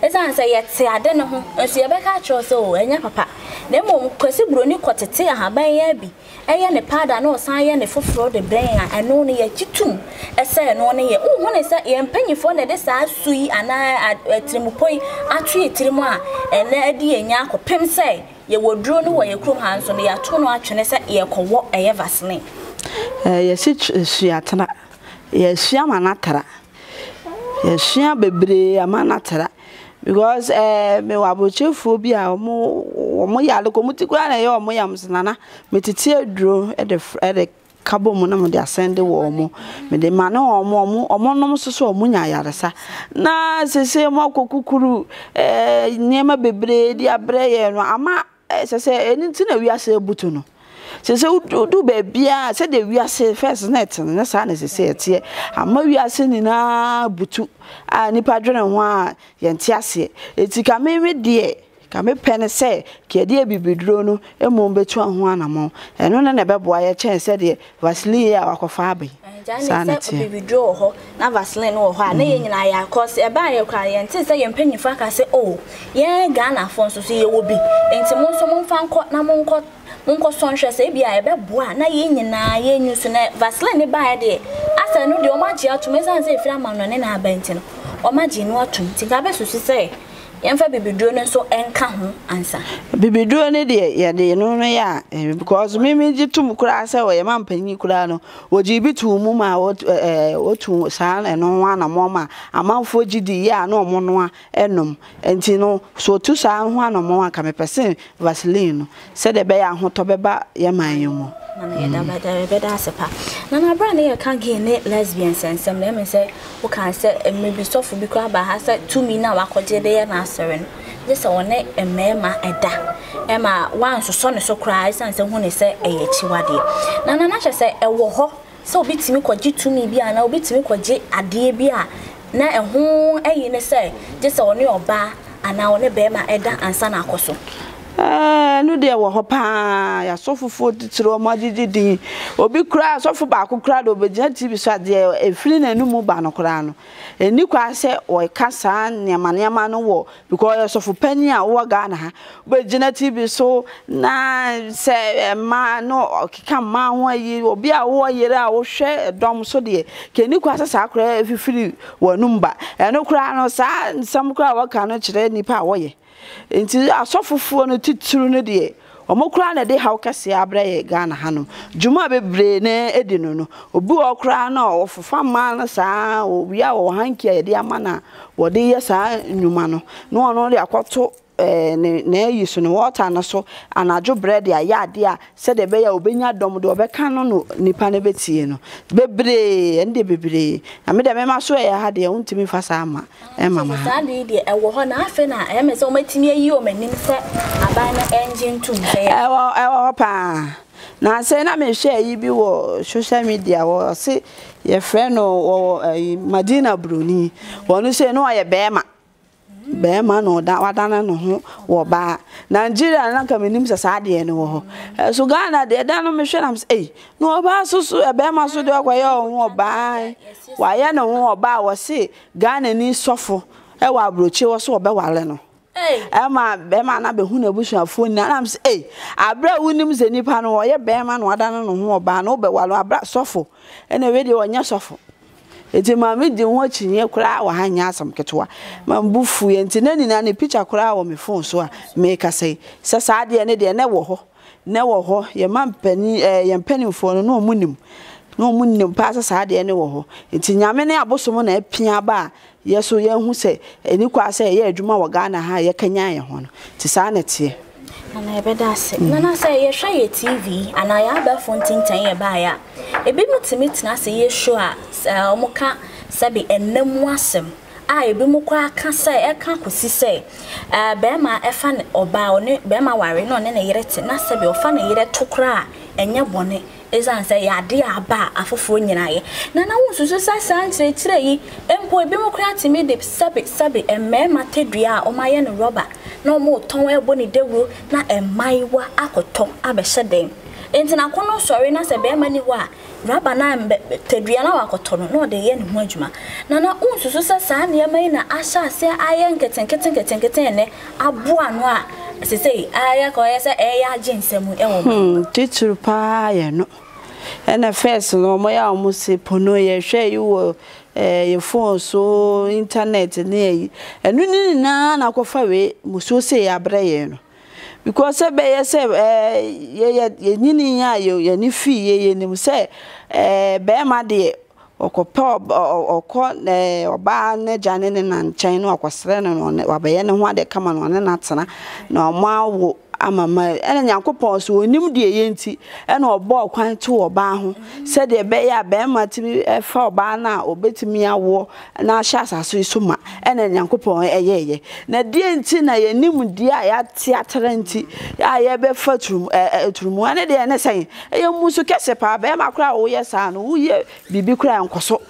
ɛsiane sɛ yɛte ade no ho nso yɛbɛka akyerɛw sɛ o oh, ɛnyɛ papa na mmom kwasi buroni kɔtete ahaban yɛ bi ɛyɛ ne paada na ɔsan yɛ ne foforɔ de brɛn a ɛno no yɛgye tum ɛsɛ ɛno no yɛ wohu ne sɛ yɛn mpanyifoɔ na ɛde saa su yi anaa atirimupɔ yi atwe tirim a ɛnɛ adi yɛn nya akɔpem sɛ yɛwɔ duro no wɔ yɛ kurom ha nso no yɛato no atwene sɛ yɛkɔwɔ ɛyɛ vasene yɛsi suatena yɛsua natara because ɛɛ bi a wɔn wɔn yɛ adekɔ na ya wɔn yam sinana metete ɛde ɛde kabo mu na mo de asɛn wɔ me de ma na omo wɔn wɔn nom soso wɔn nya na sese mo akɔ ɛɛ nneɛma bebree de abrɛ no ama ɛsɛ sɛ na ti na ebutu no. sese wodu baabiaa sɛdeɛ wiase first na ɛtene ne saa na sese ɛteɛ ama wiase nyinaa butu a nipa dwene ho a yɛnte aseɛ ɛti ka meme deɛ ka mepɛ ne sɛ kiadeɛ bibiduro no mmom bɛtu ho anammɔ ɛno ne na ɛbɛboa yɛ kyɛn sɛdeɛ vaseline a wakɔfa abɛn saa ne bibiduro wɔ na vaseline wɔ hɔ a ne yɛ mm. nyinaa yɛ akɔ sɛ ɛbaa yɛ kora yɛnte sɛ yɛn mpanyinfo aka sɛ o oh, yɛn ghanafoɔ nso so yɛwɔ bi nti mo nso momfa nkɔ na monkɔ nkɔsɔ nhwɛ sɛ ebi a yɛbɛboa na yɛn nyinaa yɛnyu so na vaseline baeɛ deɛ asɛ no deɛ ɔmo agye atom ɛsiane sɛ efiri ama no ne n'aba nti no ɔmo agye no atom nti nka abɛsusu sɛ yɛmfa bibiduro no nso nka ho ansa bibiduro no deɛ yɛde no no yɛ a eh, because mimi gye tom koraa sɛ ɔyɛ ma mpanyin koraa no wɔgye bi too mu ma eh, eh, wɔtu saa ɛno ho anammɔ ma amanfoɔ gye di yɛ a na ɔmo noa ɛnom nti no so ɔtu saa ho anammɔ a ka mepɛ sɛ vaseline no sɛdeɛ ɛbɛyɛ ahotɔ bɛba yɛman yɛ mu na na berɛ ne yɛka gay ne lesbian sɛnsɛm na ɛme sɛ wokaa sɛ mmerɛ sɔfo bi koraa ba ha sɛ tumi no wakɔgye de yɛ nas asɔre no gye sɛ wɔne mmarima ɛda ɛma wansosɔ ne so koraa ɛsiane na na kyerɛ sɛ tumi bi adeɛ bi a na ɛho ayi ne sɛ gye na ɔne na na so ɛnu eh, deɛ wɔ hɔ paa yasɔfofoɔ titiri wɔn agyegye din obi kura asɔfo baako kura de obegyina tv so adeɛ efiri n'anum ba no koraa no eni kwa sɛ ɔka saa nneɛma nneɛma no wɔ because ɔyɛ sɔfo panyin a ɔwɔ ghana ha obegyina tv so na sɛ eh, mmaa no ɔkeka mmaa ho ayi obi a ɔwɔ yere a ɔhwɛ dɔm so deɛ keni kwa sɛ saa koraa efifiri wɔn anum ba ɛnu koraa no saa nsɛm koraa a wɔka no kyerɛ nipa a wɔyɛ. nti asɔfofoɔ no titiri no deɛ wɔn koraa na ɛde haw kɛseɛ abrɛ yɛ ghana no dwuma bebree na edi no no obi wɔ koraa na ɔfofa mmaa no saa owia wɔ hankia yɛde ama na wɔde yɛ saa nnwuma no na wɔn de akɔto. Eh, ne n'ayi so ne wɔɔta no so anadwo brɛ de ayɛ adeɛ a sɛdeɛ ɛbɛyɛ a obɛnya dɔm deɛ ɔbɛka no no nipa no bɛtie no bebree ɛne deɛ na me deɛ mɛma so ɛyɛ ha deɛ wontumi fa saa ma ɛma ma ha saa deɛ deɛ ɛwɔ hɔ na afei na ɛyɛ mɛ sɛ wɔmatumi ayi wɔn anim sɛ aban no ɛngye ntom sɛ ɛwɔ ɛwɔ hɔ paa na sɛ na mehwɛ ayi bi wɔ social media wɔ ɔse yɛfrɛ no wɔ eh, madina buroni wɔno sɛ no ɔyɛ bɛrima bɛrima na ɔda wadane ne ho wɔ baa nigeria na nka menim sɛ saa adeɛ no wɔ hɔ ghana deɛ da no mehwɛ nam sɛ ei na ɔbaa so so bɛrima so deɛ ɔkɔyɛ ɔbaa wayɛ ne ho ghana ni sɔfo ɛwɔ aburokyi wɔ so no ɛma na bɛhu n'abusuafoɔ nyinaa nam sɛ ei a nti maame di ho akyinnye koraa wɔ ha nyɛ asɛm ketewa ma mbu fuiɛ nti na nyinaa ne pikya koraa wɔ me fon so a meekasa yi sɛ saa deɛ ne deɛ ne wɔ hɔ ne wɔ hɔ yɛma mpani ɛɛ yɛn mpanimfoɔ no na ɔmo nim na ɔmo nim paa sɛ ne wɔ hɔ nti nyame ne abosom na apia ba a yɛ so yɛn ho sɛ ɛni kɔ asɛ ɛyɛ adwuma wɔ ghana ha a yɛkanya yɛn ho no nti saa na teɛ ana ɛbɛda ase nana sɛ yɛhwɛ yɛ tv anaa yɛabɛfo ntintɛn yɛ baeɛ ya. ebi mu tina tena sɛ yɛhwɛ a sɛ ɔmo ka sɛbi ɛnna mu a ebi mu kɔ aka sɛ ɛka kɔsi sɛ ɛɛ bɛrima ɛfa ne ɔbaa ɔne bɛrima ware na ɔne ne yere na sɛbi ɔfa ne yere to koraa a ɛnyɛ bɔne ɛsiane sɛ yɛadeɛ aba a afoforɔ nyinaeɛ na na wosusu sa saa nkyerɛkyerɛ yi mpo ebi mu koraa tumi de sɛbe sɛbe mmarima tadua a ɔmayɛ no rɔba na ɔmotɔn ɛbɔ ne dawuro na mmaayewa akɔtɔ abɛhyɛ dan nti n'ako no sɔre na sɛ bɛrima ni hɔ a raba na tadua na wakɔtɔ no na ɔde yɛ ne ho adwuma na na wosusu sɛ saa nneɛma yi na ahyɛ aseɛ ayɛ nketenkete nketenkete ɛnɛ aboa no a sesei ayɛ kɔ ɔyɛ sɛ ɛyɛ agye nsɛm hmm, ɛwɔ titiri paa yɛ no ɛna fɛs no ɔmo yɛ a ɔmo se pono yɛhwɛ yi wɔ ɛɛ yɛ fon so intanɛt ne yɛyi ɛnu ne nyinaa na akɔfa wei musuo se yɛ abrɛ yɛn no because ɛbɛyɛ sɛ ɛɛ yɛyɛ yɛnyini yɛ a yɛ yɛni fi yɛ yɛ nim sɛ ɛɛ bɛɛma deɛ ɔkɔpɛ ɔkɔ ɛɛ eh, ɔbaa ne gya ne ne na nkyɛn na ɔkɔsrɛ no na ɔne ne ho ade kama na ɔne na atena na ɔmo awo. ama ma ɛna nyankopɔn so onim deɛ ɛyɛ nti ɛna ɔbɔ kwan to ɔbaa ho sɛ sɛdeɛ ɛbɛyɛ a bɛrima tumi ɛfa ɔbaa no a ɔbɛtumi awoɔ na ahyɛ asase so ma ɛna nyankopɔn ɛyɛɛyɛ na deɛ nti na yɛnim deɛ a yɛate atere nti a yɛbɛfa turum ɛɛ turumu ɛne deɛ ɛne sɛn ɛyɛ mu so kɛse paa bɛrima koraa a woyɛ saa no woyɛ biribi koraa nkɔ so.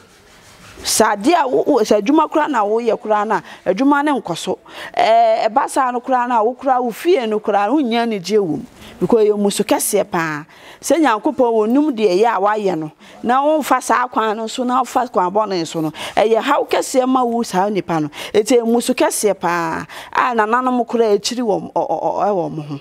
saa ade a wo sɛ adwuma koraa na woyɛ koraa no a adwuma ne nkɔ so ɛba saa no koraa no a wo koraa wo fie no koraa no wonnya ne gye wɔ mu because ɛyɛ musu kɛseɛ paa sɛ nyankopɔn wɔnum deɛ ɛyɛ a wayɛ no na womfa saa kwan no so na wofa kwan bɔne so no ɛyɛ haw kɛseɛ ma wo saa nnipa no ɛti ɛyɛ musu kɛseɛ paa a nananom koraa akyiri wɔ ɛwɔ mo ho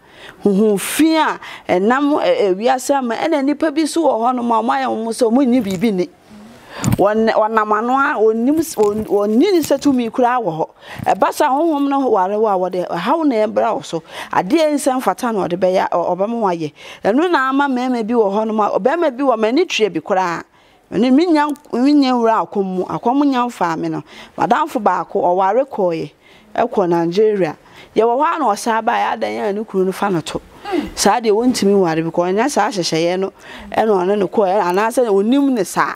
fi a ɛnam eh, ewiase eh, eh, ama ɛna nipa bi so wɔ hɔnom a ɔmayɛ wɔn sɛ ɔmo nyi biribi ni wɔnam ano a onim onni ne sɛ tumi koraa wɔ hɔ ɛbasa honhom no ware wo a wɔde ɛhaw na ɛbra wo so adeɛ nsɛm fata na ɔde bɛyɛ ɔbɛma wo ayɛ ɛno na ama mmarima bi wɔ hɔnom a ɔbɛrima bi wɔ m'ani tue bi koraa ne menya menya wura akɔm mu akɔm nya mfaa me no madamfo baako ɔware kɔɔeɛ ɛkɔ nigeria yɛwɔ hɔ ana ɔsan baeɛ adan a ne kunu no fa no to saa deɛ wɔntumi ware bikɔ ɔnyɛ saa hyehyɛeɛ no ɛna ɔne ne kɔɔ anaasɛ ɔnim ne saa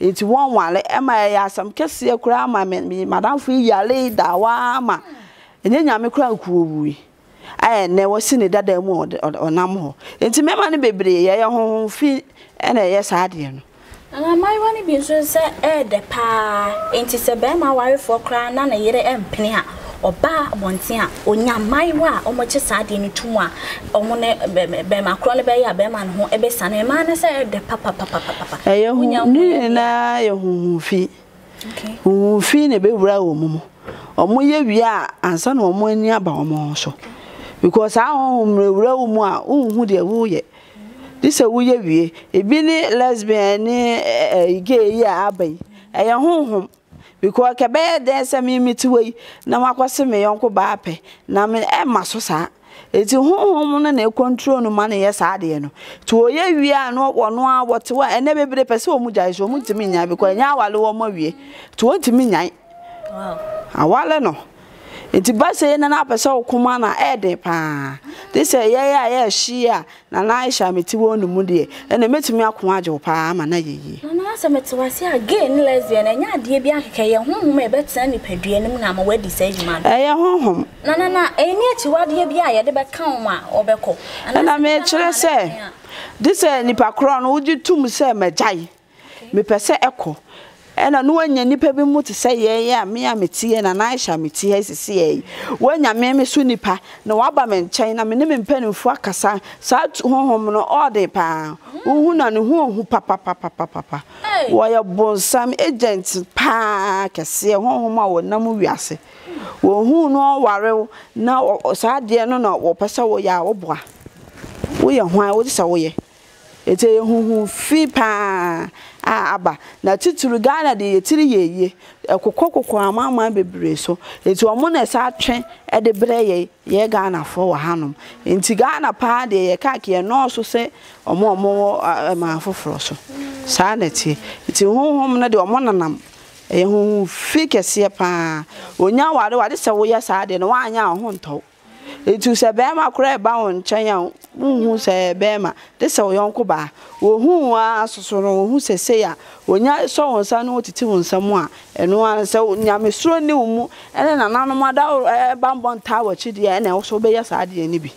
nti wɔn ware ɛma ɛyɛ asɛm kɛseɛ koraa ma madamfo yi yare dawaa ma ɛnyɛ nyame koraa kura wui ayɛ nɛ wɔsi ne dada mu ɔnam hɔ nti mmarima no bebree yɛyɛ honhom fi ɛna ɛyɛ saa deɛ no mmaayewa no bi nso sɛ ɛɛdɛ paa nti sɛ bɛrima awarefoɔ koraa na ne yere ɛmpene ha!" ɔbaa abɔnten a onya mmaayewa a wɔkye saa adeɛ no tum a wɔn ne bɛrima korɔ no bɛyɛ a bɛrima no ho bɛsa no mmaa no sɛ ɛdɛ papapapapapa. ɛyɛ hu ne nyinaa yɛ huhun fi huhun fi na ebe wura wɔn mu wɔn yɛ wia a ansa na wɔn ani aba wɔn so because saa ahohom na ewura wɔn mu a huhun deɛ wɔyɛ de sɛ woyɛ wie ebi ne lesbian ne ɛɛ gay yi a aba yi ɛyɛ huhun. because kɛbɛyɛ dɛn sɛ mimi mmiri wɔ yi na makɔse me yɔnko ba pɛ na me so saa eti honhom no na ekontrol no ma na yɛ saa no nti ya wie a no wɔno a wɔte hɔ a ụmụ bebree pɛ sɛ so because no. nti basa na na apɛsɛ wo na ɛde paa te sɛ yɛyɛ a yɛahyi a na na ahyɛ a mete wɔ no mu deɛ ɛna mɛtumi ako agye wo paa ama na yɛyie nanaasɛ mete wase a gay ne lesbian ɛnyɛ adeɛ bi akekɛ yɛ honhom a ɛbɛtena nipadua no na ama woadi saa adwuma no ɛyɛ honhom na ɛni akyiwadeɛ bi a yɛde bɛka wo a ɔbɛkɔ ɛna sɛ de sɛ korɔ no sɛ sɛ ɛna no enye nnipa bi mu te sɛ yɛyɛ a me a meteɛ na na-anyị naahyɛ mete ha sisi yɛyi wanya me me so nnipa na waba me nkyɛn na mene me mpanimfoɔ akasa saa honhom no ɔde paa wohu na ne pa ɔhu papapapapapa wɔyɛ bonsam agent paa kɛseɛ honhom a wɔnam wiase wɔhu no ɔware na saa adeɛ no na wɔpɛ sɛ wɔyɛ a wɔboa woyɛ hwan wode sɛ woyɛ ɛti ɛyɛ huhu fi paa aba na tituru ghana deɛ yɛtiri yɛ yie ɛkokɔ kokɔ amaaman bebree so eti wɔn na ɛsa atwe ɛde brɛ yɛ yɛ ghanafoɔ wɔ hanom nti ghana paa deɛ yɛ kaaki yɛ nɔɔso sɛ wɔn a wɔwɔ ɛman foforɔ so saa na ɛteɛ nti huhum no deɛ wɔn nenam ɛyɛ huhum fi kɛseɛ paa onya aware wade sɛ woyɛ saa deɛ na wɔanya ntọ. etu sɛ bɛrima koraa ɛba wɔn nkyɛn a wohu sɛ bɛrima de sɛ ɔyɔnko baa wohu a soso no wohu sɛ sei a onya sɔ wɔn nsa no wotete wɔn nsa mu a ɛno a sɛ nyamesoro ne wo mu ɛne nananom ada bambɔ ntaa wɔ akyi deɛ ɛna ɛwɔ so wobɛyɛ saa adeɛ no bi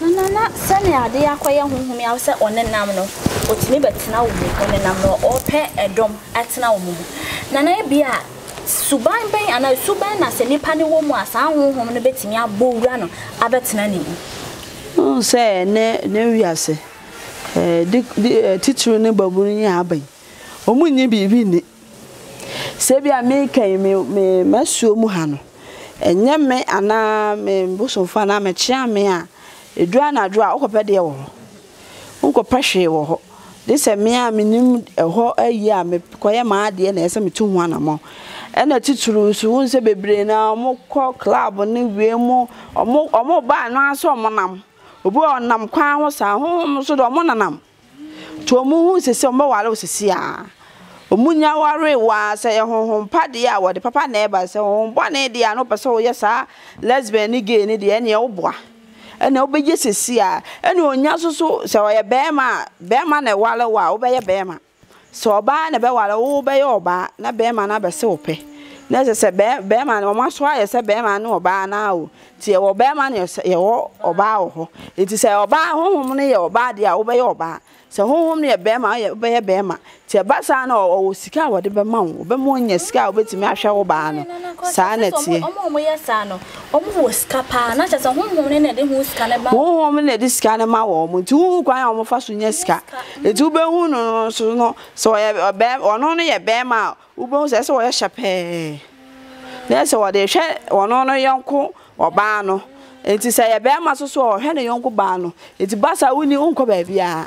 nana na sɛnea adeɛ akɔyɛ honhom yaw sɛ ɔne nam no ɔtumi bɛtena wo mu ɔne nam no ɔpɛ ɛdɔm atena wo mu nana ebi a suban bɛn anaa suban na sɛ nipa ne wɔ mu a saa honhom no bɛtumi abɔ wura no abɛtena ne mu sɛ ne ne wiase titiri ne babu no nyɛ abɛn ɔmu nye biribi nni sɛ bi a mekan me me masuo mu ha no ɛnyɛ me anaa me bosomfo anaa mekyea me a ɛdua anadwo a wokɔpɛ deɛ wɔ hɔ wonkɔpɛ hwee wɔ hɔ de sɛ me a menim ɛhɔ ayi a mekɔyɛ maadeɛ na ɛsɛ meto ho anammɔ ɛna titiri nsuwu nse bebree na ɔmo kɔ club ne wie mu ɔmo ɔmo baa no asɛ ɔmo nam obi ɔnam kwan ho saa ahohom nso do ɔmo nanam to ɔmo hu sisi ɔmo wale sisi a ɔmo nya ware waa sɛ ɛhohom pa deɛ a wɔde papa na ɛba sɛ ɔmo bɔne deɛ a no pɛ sɛ ɔyɛ saa lesbian ne gay ne deɛ ɛne ɛwoboa ɛna wobɛgye sisi a ɛna ɔnya soso sɛ ɔyɛ bɛrima a bɛrima na ɛwale wa a wobɛyɛ bɛrima. sɛ ɔbaa na bɛware wo bɛyɛ ɔbaa na bɛrima no abɛsɛ wo pɛ na ɛsɛ sɛ bɛrima no ɔmo aso ayɛ sɛ bɛrima ne ɔbaa naa o nti yɛwɔ bɛrima ne yɛwɔ ɔbaa wɔ hɔ nti sɛ ɔbaa honhom no yɛ ɔbaa deɛ a wobɛyɛ ɔbaa sɛ honhom no yɛ bɛrima ayɛ bɛyɛ bɛrima nti ɛba saa na ɔwɔ sika a wɔde bɛma wo bɛma ɔnya sika a wɔbɛtumi ahwɛ wo baa no saa na teɛ honhom no na ɛde sika no ma wɔ mo nti wohu kwan a wɔmfa so nya sika mm. nti wobɛhu no no so no sɛ ɔno no yɛ bɛrima a wobɛhu sɛ ɛsɛ wɔyɛ hyɛ pɛɛ na ɛsɛ wɔde hwɛ ɔno no yɔnko ɔbaa no nti sɛ yɛ bɛrima so so a ɔhwɛ ne yɔnko baa no nti basa woni wonkɔ baabiaa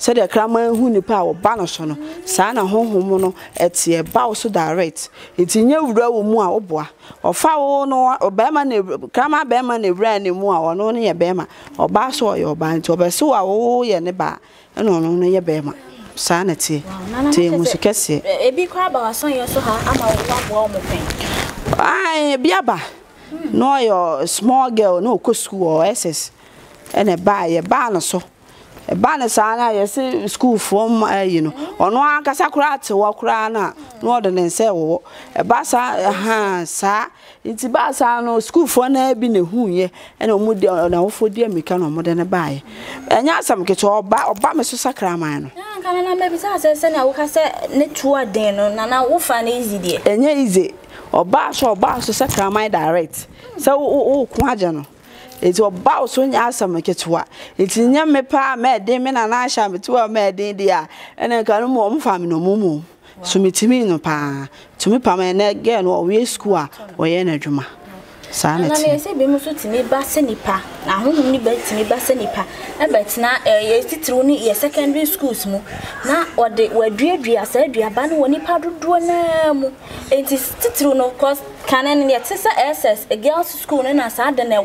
sɛdeɛ kraman hu nipa a wɔba no so no saa na honhom no ɛte ɛba wo so direct nti nyɛ wura wɔ mu a woboa ɔfa wo no ɔbɛrima ne kraman bɛrima ne wura ne mu a ɔno no yɛ bɛrima ɔbaa so ɔyɛ ɔbaa nti ɔbɛsi so a wo yɛ ne ba ɛna ɔno no yɛ bɛrima saa na tie tie mu kɛseɛ ebi kora ba wasɔn yɛ so ha ama wo waboa ɔmo pɛn ae ebi aba na ɔyɛ small girl na ɔkɔ school ɔ ss ɛna ɛbaa yɛ baa no so ba ne saa no a yɛse sukuulfoɔ ma eh, ayi no ɔno ankasa koraa te hɔ koraa no a na ɔde ne nsa ɛwɔwɔ ɛba ha saa nti ba saa no sukuulfoɔ na bi ne huuɛ ɛna ɔmu de ɔnawofoɔ di amika na ɔmo de ne baeɛ ɛnyɛ asɛm ketewa ɔba ɔba me so sacrament no ɛnyɛ easy ɔbaa so ɔbaa so sacrament direct sɛ wo ko agye no nti ɔba so nyɛ asɛm ketewa nti nyɛ me paa mɛɛden me nana ahyɛ ametewa mɛɛden deɛ a ɛne nka no mu ɔmfa me nomumu so metumi no paa tumi pam ɛnɛ gɛ no ɔwɛ sukuu a ɔyɛ n'adwuma saa na na sɛ ebi mu nso tumi ba sɛ nipa na ahohom ne ba tumi ba sɛ eh, mu na wɔde wɔaduadua saa aduaba no wɔ nipa dodoɔ naa mu nti titiriw no kɔs kane no yɛte girls na saa de na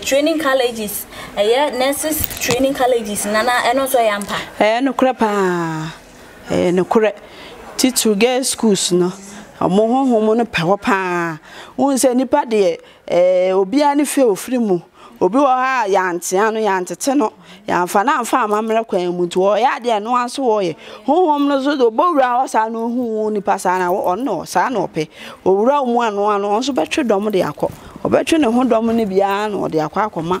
training colleges nurses training colleges nokorɛ paa ɛyɛ girls schools no ɔmo honhom no pɛ hɔ paa wohu sɛ nnipa deɛ ɛɛ eh, obiara ne fie ofiri mu obi wɔ ha a yantea no yantete no yamfa na amfa amammerɛ kwan mu nti wɔyɛ adeɛ no aso wɔyɛ honhom no so de ɔbɛwura hɔ saa na ohu wo nipa saa na ɔno na saa na ɔpɛ owura wo mu ano ano ɔno nso bɛtwe dɔm de akɔ ɔbɛtwe ne ho dɔm no biara na ɔde akɔ akɔma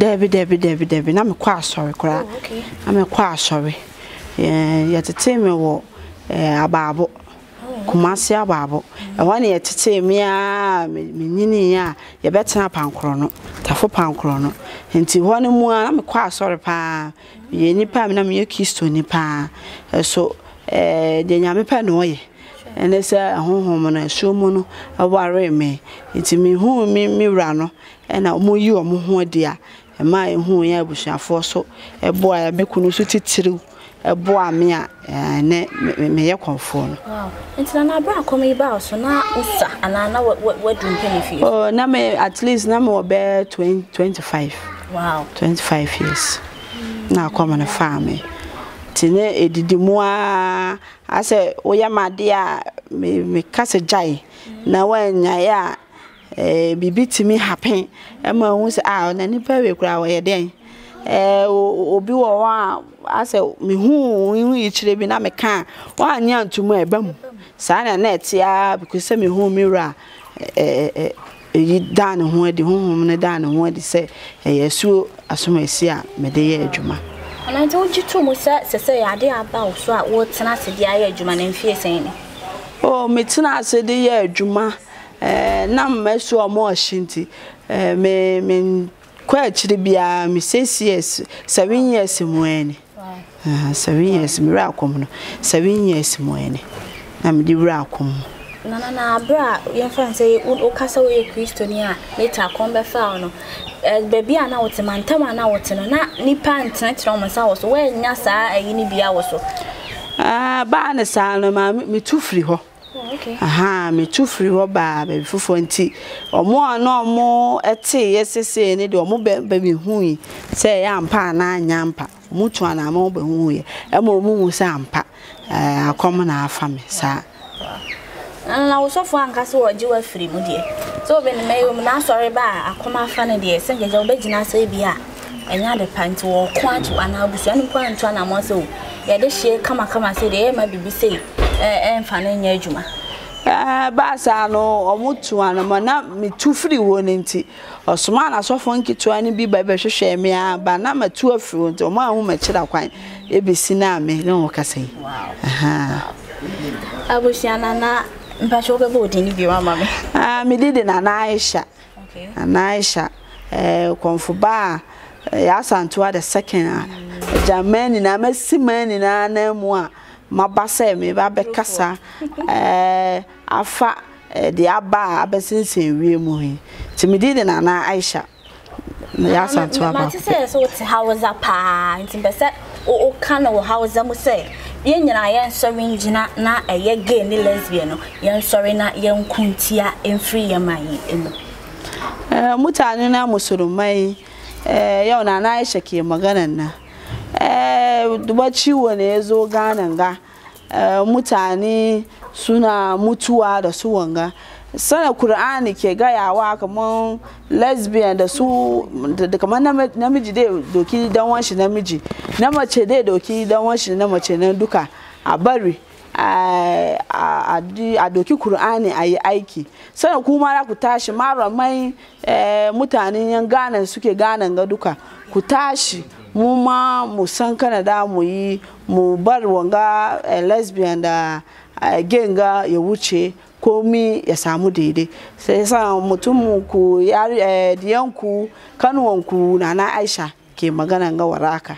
dɛbi dɛbi dɛbi dɛbi na mekɔ asɔre koraa oh, na mekɔ asɔre yɛtetee me wɔ abaabo oh. kumase abaabo ɛhɔ ne yɛtetee me ya, a menyiniiɛ a yɛbɛtena pankorɔ no tafo pankorɔ no nti hɔ no mu a na mekɔ asɔre paa meyɛ nnipa a mena meyɛ kristoni paa ɛso deɛ nyame pɛ ne ɔyɛ ɛne sɛ ahohom no show mono. I worry me me, mehu me me wura And ɛna ɔmoyi ɔmo ho adi a mmaa yɛn ho yɛn abusuafoɔ so ɛboa yɛ me kunu nso titiriw ɛboa me a ɛnɛ meyɛ kɔnfoɔ no. nti na n'abere akɔm yi baa so na nsa anaa na wadu mpɛn fie. oh na me at least na me wɔ bɛɛ twenty twenty five. wow twenty five years na akɔm no faa yi nti ne edidi mu aa asɛ woyɛ mu adeɛ a me me kasa gyae na wɔn nyaeɛ a. eh, ti tumi hapen ma hu sɛ ah, a na nipa wei koraa wɔyɛ dɛn eh, obi wɔ hɔ a asɛ bi na a a mu saa na na ɛte a wura a eh, eh, eh, eyi dan ne ho adi ne ho adi sɛ ɛyɛ a yɛ adwuma wogye to mu sɛ aba wo so a ase de ayɛ adwuma ne o oh, ase de yɛ adwuma Eh, na mmesu ọmụ ọchị ntị eh, me me kọ akyiri bia me six years seven years mu ani seven years me wura akɔm no seven years mu ani na me de wura akɔm nana na abra yɛmfa sɛ wokasa woyɛ kristoni a later akɔm bɛfaa no eh, baabi a na wote mantam a na wote no na nnipa ntenakyerɛ wɔm nsa wɔ so woanya saa ayi no bia wɔ so ah, baa ne saa no ma metu firi hɔ Oh, aha metu firi hɔ baa baabi foforɔ nti ɔmo a na ɔmo tee yɛ ne deɛ ɔmo hu hui sɛ ɛyɛ ampa anaa anya mpa ɔmo tu anaama ɔmo baabi hui yɛ ɛma ɔmo hu sɛ ampa ɛɛ akɔm na afa saa. na wosɔfo ankasa mu deɛ sɛ mu n'asɔre ba a akɔm afa deɛ sɛ wobɛgyina sɛ bi a ɛnyɛ ade pa nti ato anaa abusua no mpo sɛ o yɛde kamakama sɛ deɛ ɛyɛ ma biribi ɛmfa no nyɛ adwuma baasa no ɔmo tu anamɔ na metu firi wɔ ne nti ɔsoma anasɔfo nketewa no bi ba bɛhwehwɛ me a ba na m'etu afiri wɔ nti ɔmo aho makyira kwan ɛbɛsi no a me ne wo kasa yi abusua nana mpakyɛ wobɛbɛ ɔdin no bio ama me mede de nana aisha nana aisha kɔmfo ba a yɛasantoa the second a mm. gya mmaa nyinaa masi mmaa nyinaa na mu a maba sɛ be kasa eh afa eh, de aba a sinsin wie mu yi nti medi de nana aisha ah, san to aba mate sɛ sɛ wote hawza paa nti bɛ sɛ woka no wɔ hawza mu sɛ yɛn nyinaa yɛnsɔre ngyina na eye gay ne lesbian no yɛnsɔre na yɛnko en free yɛ ma yi eh mutane na musulmai eh, yau na na aisha ke maganan na. duba eh, ciwo ne ya zo ganan ga eh, mutane suna mutuwa da su wanga sana kur'ani ke gayawa kamar lesbian da su da kamar namiji dai doki dan wanshi namiji na mace dai doki dan wanshi na mace nan duka a bari a doki kur'ani a yi aiki sana kuma za ku tashi maramai eh, mutanen yan ganan suke ganan ga duka ku tashi mu ma mu san kana mu yi mu bar wanga eh, lesbian da eh, gay ga ya wuce komi ya samu daidai sai yasa mutum ku eh, diyanku kanuwanku na na aisha ke magana ga waraka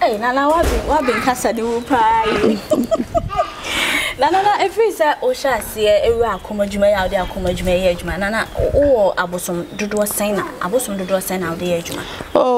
eh nana wabin wabin kasa ni wupa nana na every sa o sha se ewu akoma dwuma ya odi akoma dwuma ya dwuma nana o abosom dodo sen na abosom dodo sen na odi ya dwuma oh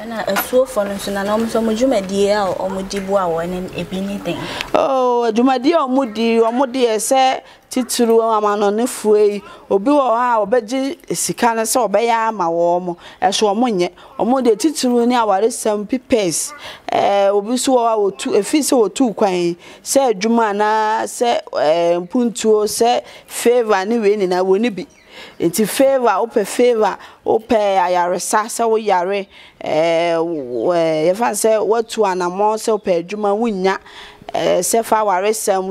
ɛna asuofoɔ no nso nana ɔmo nso ɔmo dwumadie a ɔmo di boa wɔn ne ebi ne den. ooo oh, dwumadie a ɔmo di ɔmo di yɛ sɛ titiri amanɔnefoɔ yi obi wɔ hɔ a ɔbɛgye sika no sɛ ɔbɛyɛ ama wɔn ɛso ɔmo nyɛ ɔmo de titiri ne awaresɛm pipɛs ɛɛ eh, obi nso wɔ hɔ a wotu efi sɛ wotu kwan sɛ adwuma anaa sɛ ɛɛ eh, mpuntuo sɛ feva ne wei nyinaa wɔ ne bi. nti favor wopɛ favor wopɛ ayaresa sɛ woyare eh, eh, yɛfa sɛ woatu anammɔ sɛ wopɛ adwuma wonya eh, sɛ fa awaresɛm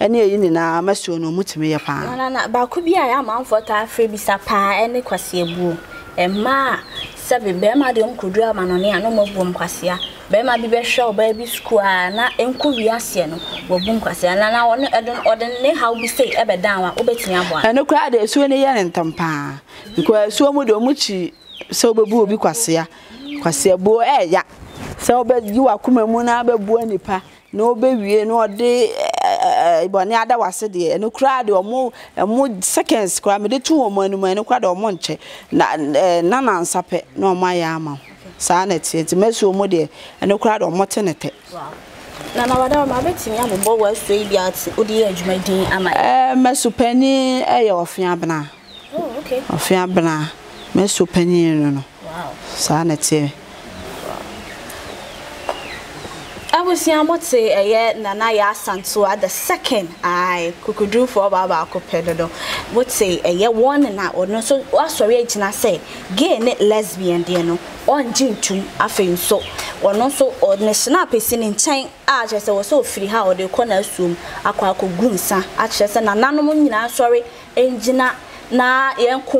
na ne ɛyi nyinaa masuo no ɔmutumi na paa baako bi a yɛ amanfoɔ taa frɛ bisa paa ne ebuo. mmaa a sɛbi bɛrima deɛ ɔnkɔduru amanɔne a na ɔmabu nkwasea bɛrima bi bɛhwɛ ɔbaa bi sukuu a na nkuwi wiaseɛ no wabu nkwasia na na ɔno ɛde ɔde ne haw bi sei ɛbɛdan wa ɔbɛtumi aboa. ɛno koraa de esuo no yɛ ne ntɛm paa nkɔ esuo mu de ɔmo kyi sɛ ɔbɛbu obi kwasea kwasea buo ɛɛya sɛ ɔbɛyi wakoma mu na abɛbua nipa na ɔbɛwie na ɔde ɛɛ. bɔne ada wase deɛ ɛno koraa deɛ ɔmo ɛmo seconds koraa de tu wɔn anim ɛno koraa deɛ ɔmo nkyɛ na ɛɛ e, nana pɛ na ɔmo ayɛ ama saa na ɛteɛ nti mɛsi ɔmo deɛ ɛno koraa de ɔmo te ne tɛ. na na wada ɔmo abɛtumi abobɔ wɔ asuo yi bi ate o de yɛ adwuma din ama. ɛɛ e, mɛso panyin ɛyɛ e ɔfin abena ɔfin oh, abena mɛso panyin no no saa na ɛteɛ. I abusua mɔte ɛyɛ nana yɛ asantoa the second I could do for Baba ae kokodurufoɔ ɔbaa baako pɛ dodo wote ɛyɛ wɔn na ɔno nso wasɔre agyina sɛ gay ne lesbian dear no ɔngye ntum afei nso ɔno nso ɔne hyena apɛsi ne nkyɛn a kyerɛ sɛ wɔ sɛ ɔfiri ha ɔde kɔ I akɔ akɔgu nsa akyerɛ sɛ nananom nyinaa sorry. Engineer. na yɛnko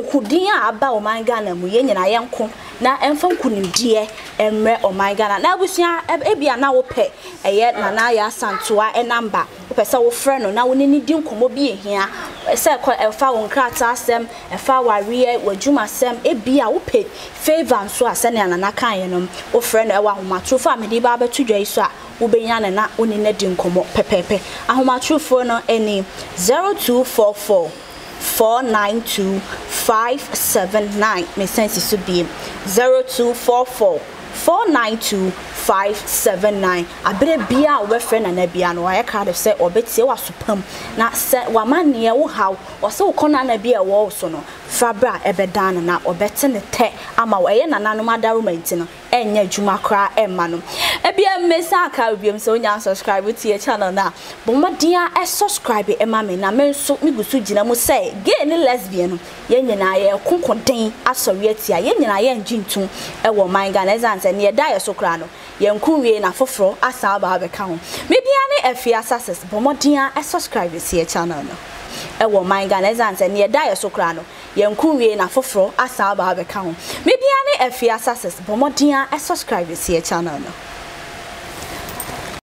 a aba ɔman ghana mu yɛn nyinaa yɛnko na ɛmfa nkonimdeɛ ɔman na abusua ebia na wopɛ ɛyɛ nana yɛ asantoa ɛnamba e wopɛ sɛ wofrɛ no na wone ne di nkɔmmɔ bi ehia e sɛ ɛkɔ ɛfa wɔn krataa asɛm ɛfa wareɛ wadwuma asɛm ebia wopɛ favour nso a sɛnea nana kan yɛ no wofrɛ no ɛwɔ ahomatorofo a ba abɛto dwa yi so a wobɛnya na wone ne di nkɔmmɔ pɛpɛɛpɛ ahomatorofo no ɛne 492 579 me sense It should be 0244 492 five seven nine abere bia a wɔbɛfrɛ nana bia no wɔayɛ kaa de sɛ ɔbɛtie wasopam na sɛ wama neɛ wo haw ɔsɛ wokɔ nana bi a ɛwɔ wo so no fa bra na ɔbɛte ne te ama wo ɛyɛ nananom adaroma nti no ɛnyɛ adwuma koraa ɛmma no ebia mesa aka obiam sɛ wonya subscribe your channel no a bɔmmɔden a ɛsubscribe ɛma me na me nso me gu so mu se gay ne lesbian no yɛn nyinaa yɛ konkoden asɔre atia yɛn nyinaa yɛn gye ntom ɛwɔ man ghana ɛsan sɛ neɛ da yɛ so koraa no yɛn ko wie na foforɔ asa aba abɛka ho media ne e afia success bɔmmɔden a e subscribe si yɛ e channel no ɛwɔ man ghana ɛsan sɛ neɛ da yɛ so kora no yɛn na foforɔ asa aba abɛka ho media ne afia success bɔmmɔden a subscribe si yɛ channel no